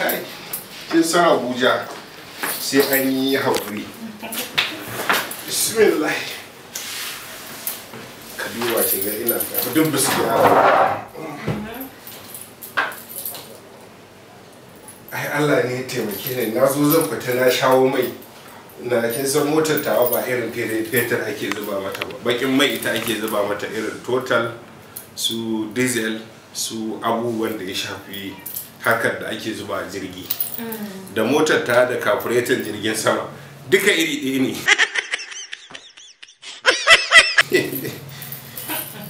kai kin san abuja sai an yi haƙuri bismillah ka duba ce ga ina duk biskira ai Allah ne ya taimake ni na zo zan fita na shawo mai na kin san motar tawa ba irin fetur ake zuba mata ba bakin mai ita ake zuba mata irin total su diesel su abubuwan da ya shafi hakar da ake zuba a jirgi mm. da motar ta da kafuretin jirgin sama duka iri ɗaya ne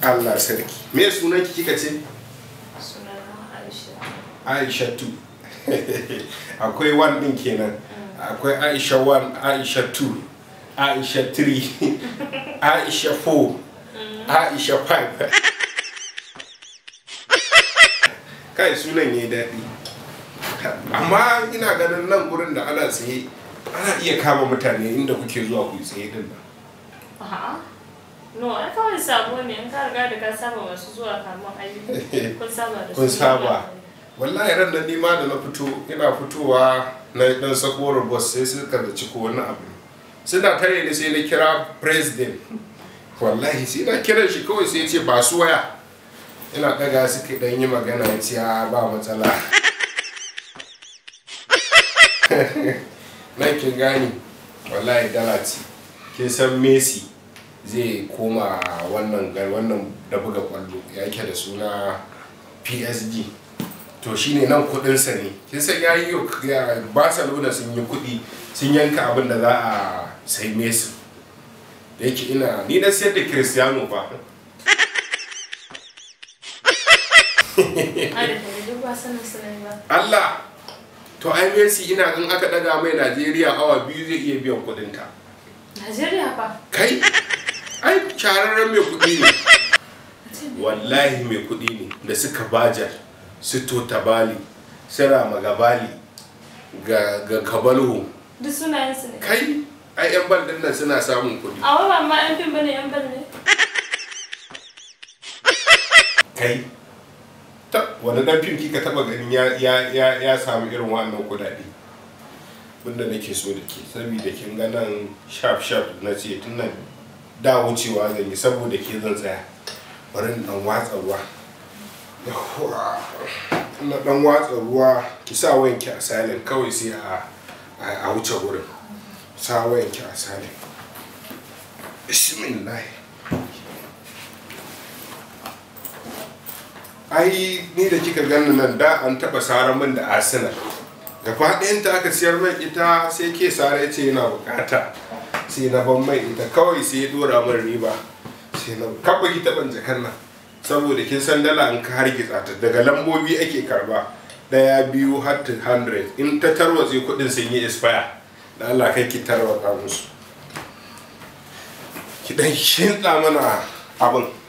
Allah sarki me sunan ki kika ce Aisha tu akwai wan din kenan mm. akwai Aisha 1 Aisha 2 Aisha 3 Aisha 4 mm. Aisha 5 kai sunan ya yi daɗi amma ina ganin nan gurin da ana tsaye ana iya kama mutane inda kuke zuwa ku tsaye din nan kawai sabo ne in ka riga da ka saba masu zuwa kamun ayyuka kun saba da kun saba wallahi ran da nima da na fito ina fitowa na dan sakorar boss sai su da ciko wani abu suna tare ne sai na kira president wallahi sai na kiran shi kawai sai ya ce ba su waya ina daga suke dan yi magana ya ce ba matsala nan kin gani wallahi dalati ke san messi zai koma wannan wannan da buga kwallo ya yake da suna PSG. to shine nan sa ne kin san ya yi barcelona sun yi kudi sun yanka abin da za a sai messi da yake ina ni na siyar da cristiano ba Allah to ai Messi ina in aka daga mai Najeriya awa biyu zai iya biyan kudin ta Najeriya fa kai ai shararren mai kudi ne wallahi mai kudi ne da suka bajar su tota bali sira magabali ga ga kabalhu duk sunayen su ne kai ai yan bal nan suna samun kudi a wa ba ma yan fim bane yan bal ne kai wani dan fim kika taba ganin ya samu irin wannan kudade wanda nake so da ke saboda kin ga nan sharp sharp na ce tun nan da wucewa zan yi saboda ke zan tsaya bari dan watsa ruwa na dan watsa ruwa ki sa wayanki a salin kawai sai a a wuce wurin sa wayanki a salin bismillah ai ni da kika gani nan da an taba sarar min da da faɗi ta aka siyar mai ita sai ke sare ce yana bukata sai na ban mai ita kawai sai ya dora min riba sai na kaba ki taban jakar nan saboda kin san dala an ka hargitsa ta daga lambobi ake karba daya biyu har 100 in ta tarwatse kuɗin sun yi expire da Allah kai ki tarwata musu ki dan shin mana abin